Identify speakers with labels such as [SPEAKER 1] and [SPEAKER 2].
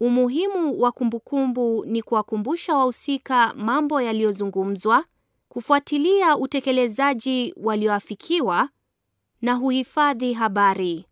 [SPEAKER 1] Umuhimu wa kumbukumbu ni kuwakumbusha wahusika mambo yaliyozungumzwa, kufuatilia utekelezaji walioafikiwa na
[SPEAKER 2] huhifadhi habari.